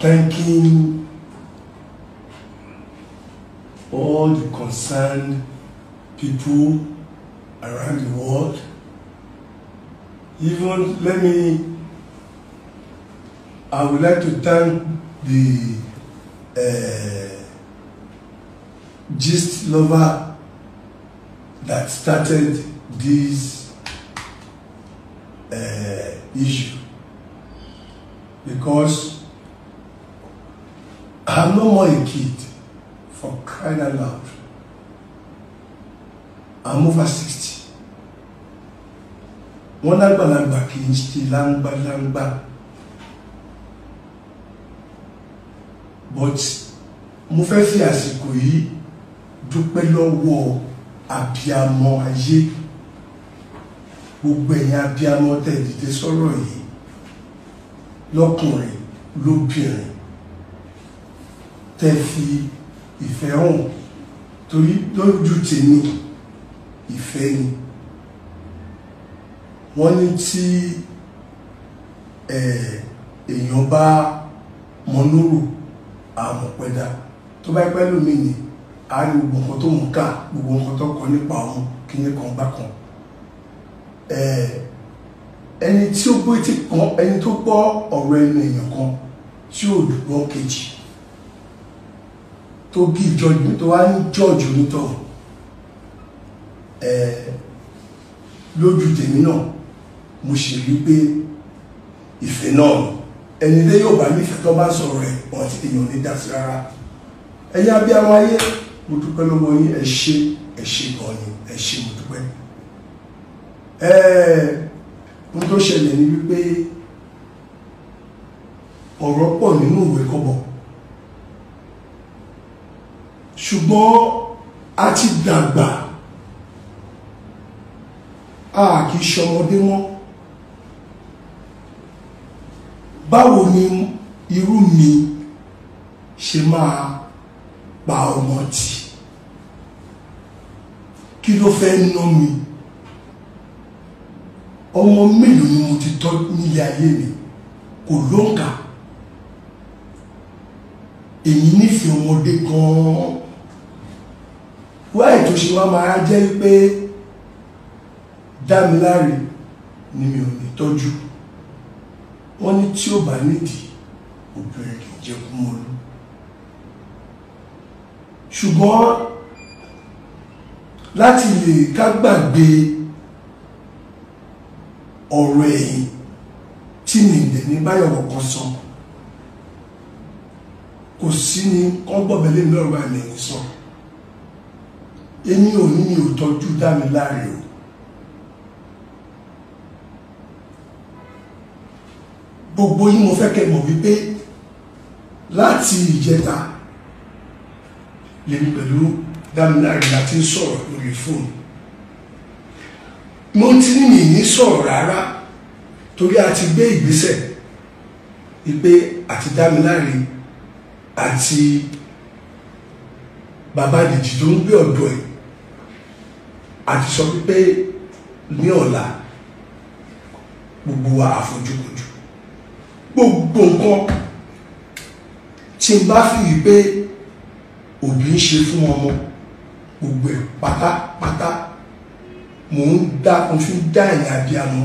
thanking all the concerned people around the world. Even let me, I would like to thank the uh, gist lover that started this uh, issue because no more a kid for crying out loud. I'm over sixty. Wọ́n lágbàlagbà kì í ṣe láńgbàláńgbà. But mo fẹ́ fi àsìkò yìí dúpẹ́ lọ́wọ́ àbíamọ ayé gbogbo ẹ̀yin àbíamọ tẹ̀ dìde sọ̀rọ̀ yìí lọ́kùnrin lóbìnrin tẹ́ fi ìfẹ́ hàn torí lójú tèmi ìfẹ́ ni wọ́n ní tí èèyàn bá mọnúrò àmọ̀pẹ̀dá tó bá pẹ́ lómi ni a rí gbogbo nǹkan tó ń kà gbogbo nǹkan tó kọ nípa òun kíní kan bá kan ẹni tí ó gbé tí kan ẹni tó gbọ́ ọ̀rọ̀ ẹnu èèyàn kan tí ò dùgbọ́ kejì tó bí judgment tó wá ń judge onítọ̀ ẹ lójú tèmi náà mo ṣe rí pé ìfẹ́ náà ẹni lé yóò bá nífẹ̀ẹ́ tó bá sọ̀rọ̀ ẹ̀ wọ́n ti èèyàn ní dá sí rárá ẹ̀yin abiyamọ ayé mo dúpẹ́ lọ́wọ́ yín ẹ ṣé ẹ ṣé gan ni ẹ ṣé mo dúpẹ́ ohun tó ṣẹlẹ̀ ni wípé ọ̀rọ̀ pọ̀ nínú ìwé kọ́bọ̀ ṣùgbọ́n a ti dàgbà a kì í ṣọmọdé mọ́ báwo ni irú mi ṣe máa pa ọmọ tì kí ló fẹ́ ná mi ọmọ mélòó ni mo ti tọ́ nílé ayé mi kò lóǹkà èyí nífẹ̀ẹ́ ọmọdé gan-an tó ṣe wá máa jẹ́ pé Dámiláre ni mi ò ní tọ́jú wọ́n ní tí ó bá nídìí obìnrin kì í jẹ́ kú mọ́lú ṣùgbọ́n láti lè ká gbàgbé ọ̀rọ̀ ẹ̀yìn tí mi ìdẹ̀ ní báyọ̀wọ̀ kan sọ kò sí ní kọ́ńgbọ̀bẹ̀lẹ́ mi lọ́rọ̀ àmì ẹ̀yìn sọ èmi ò ní mi ò tọ́jú Dámiláre o gbogbo yín mo fẹ́ kẹ́ mọ̀ wípé láti ìjẹta lèmi pẹ̀lú Dámiláre láti ń sọ̀rọ̀ lórí fóònù mo ti ní mi ní sọ̀rọ̀ rárá torí a ti gbé ìgbésẹ̀ wípé àti Dámiláre àti bàbá Dèjì tó ń gbé ọ̀dọ̀ ẹ̀ àti sọ wípé ní ọ̀la gbogbo wa àfojúkojú gbogbo nǹkan tí n bá fi yìí pé òbí ń ṣe fún ọmọ gbogbo ẹ̀ pátápátá mò ń dá mo fi ń dá ẹ̀yìn abiyamọ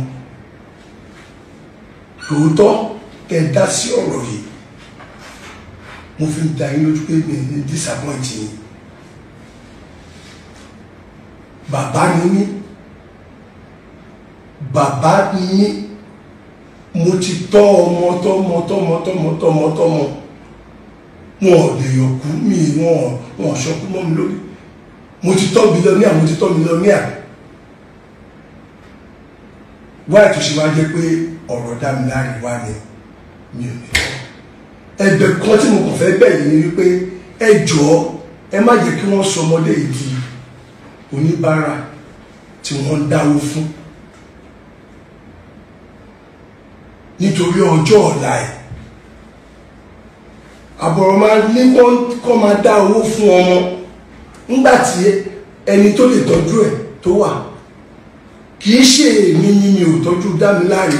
lóòótọ́ tẹ dá sí ọ̀rọ̀ yìí mo fi ń dá yín lójú pé mi ní disappoint yìí bàbá ni mí bàbá ni mí mo ti tọ́ ọmọ tọ́mọ tọ́mọ tọ́mọ tọ́mọ tọ́mọ wọn ò lè yọ̀kú mi wọn wọn ò ṣọkú mọ́ mi lórí mo ti tọ́ mílíọ̀nìà mo ti tọ́ mílíọ̀nìà wáyé tó ṣe wá jẹ́ pé ọ̀rọ̀ dá mi láre wá ni mi ò ní tọ́ ẹ̀bẹ̀ kan tí mo kàn fẹ́ bẹ̀ yìí ni wípé ẹ jọ̀ọ́ ẹ má jẹ́ kí wọ́n sọ ọmọdé yìí di oníbàárà tí wọ́n ń dáwó fún nítorí ọjọ́ ọ̀la ẹ̀ àbọ̀rọ̀ máa ní wọ́n kọ́ máa dá owó fún ọmọ nígbà tí ẹni tó lè tọ́jú ẹ̀ tó wà kì í ṣe èmi ni mi ò tọ́jú dámiláre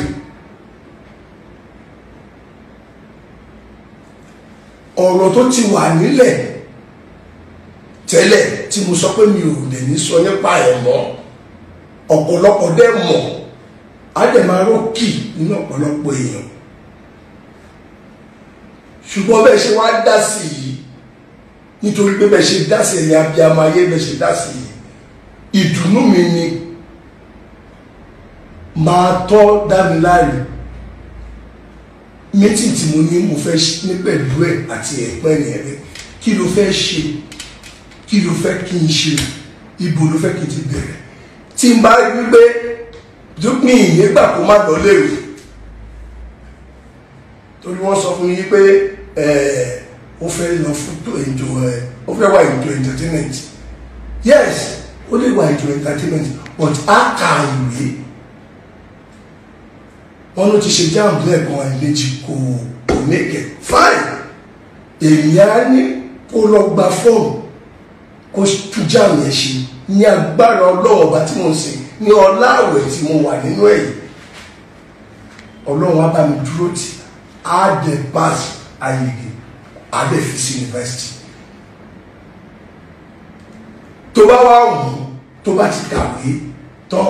ọ̀rọ̀ tó ti wà nílẹ̀ tẹ́lẹ̀ tí mo sọ pé mi ò lè ní sọ nípa ẹ̀ mọ́ ọ̀pọ̀lọpọ̀ dẹ́ mọ̀ á dẹ̀ máa rókì nínú ọ̀pọ̀lọpọ̀ èèyàn ṣùgbọ́n bẹ́ẹ̀ ṣe wá dá sí i nítorí pé bẹ́ẹ̀ ṣe dá sí ẹ̀yìn abiyamọ ayé bẹ́ẹ̀ ṣe dá sí i ìdùnnú mi ni máa tọ́ dániláre méjì tí mo ní mo fẹ́ ní pẹ̀lú ẹ̀ àti ẹ̀pẹ́ nìyẹn kí ló fẹ́ ṣe kí ló fẹ́ kí n ṣe ibo ló fẹ́ kí n ti bẹ̀rẹ̀ tí n bá rí wípé dúpin ìyẹn gbà kó má lọ léwu torí wọ́n sọ fún yín pé ó fẹ́ lọ fún tó ẹ̀jọ̀ ẹ̀ ó fẹ́ wá ìjọ entertainment yes ó lè wá ìjọ entertainment but a kà ìwé wọn ló ti ṣe jáàmù lẹ́ẹ̀kan àìlejì kò kò mẹ́kẹ̀ fine èyí á ní kó lọ gba fọ́ọ̀mù kó tújà yẹn ṣe ní agbára ọlọ́ọ̀ba tí mo ń ṣe ní ọlá àwẹ̀ tí mo wà nínú ẹ̀yìn ọlọ́run á bá mi dúró tì á dẹ̀ pass ayege á dẹ̀ fi sí yunifásitì tó bá wà wù tó bá ti kàwé tán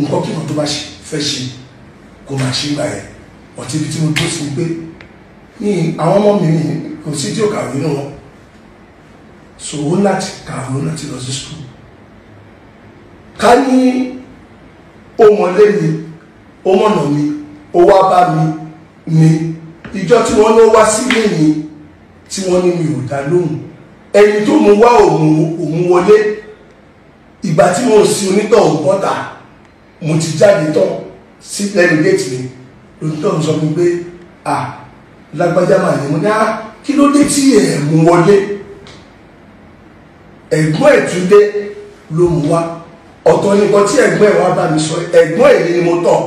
nǹkan kí wọn tó bá fẹ́ ṣe kó máa ṣe gbà yẹn ọ̀tí ibi tí mo tó sí pé ní àwọn ọmọ mi kò sí tí ó kàwé nù so ó láti kàwé ó láti lọ sí school ká ní ó mọlé mi ó mi ó bá mi ni ìjọ tí wọ́n lọ wá sílé mi tí wọ́n ní mi ò dá lóhùn ẹni tó mú wá òun wọlé ìgbà tí mo sin onítọ̀ òǹkọ́ta mo ti jáde tán sí lẹ́nu géètì mi lónítọ̀ sọ fún mi pé à lágbájá màá ní mo ní á kí ló dé tí ẹ̀ mú wọlé ẹ̀gbọ́n ẹ̀ Túndé ló mú wá ọ̀tọ̀ nípa tí ẹ̀gbọ́n ẹ̀ wá bá mi sọ ẹ̀gbọ́n ẹ̀ ni mo tọ̀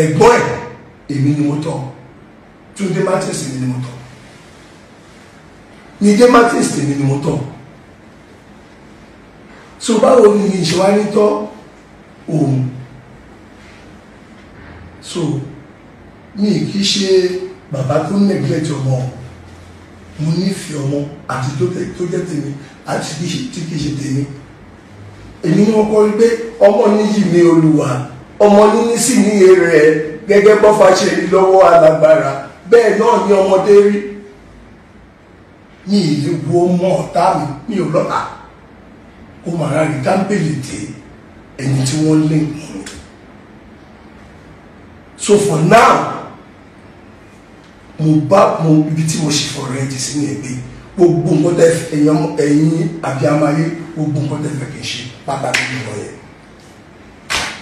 ẹ̀gbọ́n ẹ̀ èmi ni mo tọ̀ Túndé Martins èmi ni mo tọ̀ Nídé Martins èmi ni mo tọ̀ so báwo ni ìṣèwádìí tọ́ òun so mi kì í ṣe bàbá tó ń nẹ̀gbẹ́tì ọmọ ọ̀hún mo nífẹ̀ẹ́ ọmọ àti tó jẹ́ tèmi àti tí kìí ṣe tèmi èmi ni wọ́n kọ́ pé ọmọ níyì ní olúwa ọmọ níní sì níye rẹ̀ gẹ́gẹ́ bọ́fà ṣe rí lọ́wọ́ alágbára bẹ́ẹ̀ náà ni ọmọdé rí ní ìlú ọmọ ọ̀tá mi mi ò kó màá rí dáńbèlè dé ẹni tí wọ́n lé nǹkan so for now mo bá mo ibi tí mo ṣe fọ̀rọ̀ ẹ̀ jì sí ní ẹgbẹ́ gbogbo nǹkan tẹ ẹ̀yìn ẹ̀yìn abiyamọ ayé gbogbo nǹkan tẹ fẹ́ kì í ṣe pátá nínú ìwọ̀n yẹn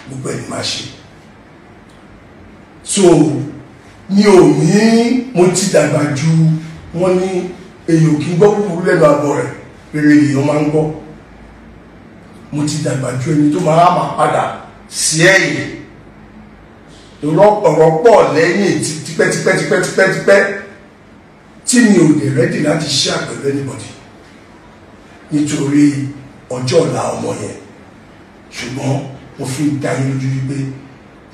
gbogbo ẹ̀ ni máa ṣe so mi ò ní mo ti dàgbà ju wọn ní èyí ò kí gbọ́ kúkúrú lẹ́nu àbọ̀ rẹ̀ rere èèyàn máa ń gbọ́ mo ti dàgbà ju ẹni tó máa máa padà sí ẹ̀yìn ọ̀rọ̀ pọ̀ lẹ́yìn tí tipẹ́tipẹ́tipẹ́tipẹ́ tí mi ò dẹ̀ rẹ́dì láti ṣe àpẹẹrẹ anybody nítorí ọjọ́ ọ̀la ọmọ yẹn ṣùgbọ́n mo fi ń da yín lójú wípé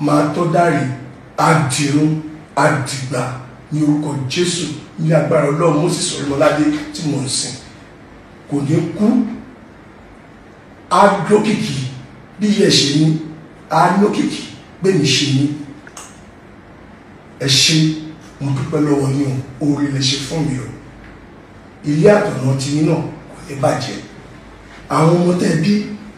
máa tọ́ dárì àdìrún àdìgbà ní orúkọ Jésù ní agbára Ọlọ́run mo sì sọ̀rọ̀ ọmọládé tí mo ń sìn kò ní kú á lókìkí bí yẹ ṣe ní á lókìkí bẹ́ẹ̀ ni ṣe ní ẹ ṣe mo dúpẹ́ lọ́wọ́ yín o oore lè ṣe fún mi o ilé àtọ̀nà ti yín náà kò ní bàjẹ́ àwọn ọmọ tẹ́ bí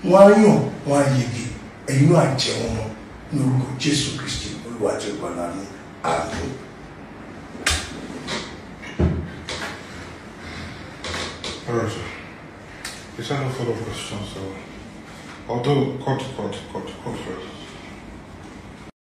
wọ́n á yàn wọ́n á yege ẹ̀yin náà jẹ́ wọn mọ́ ní orúkọ Jésù Kristi Olúwa tó gbọ́n náà ní àmín. All right, sir. It's not a follow-up although cut, cut, cut, cut first.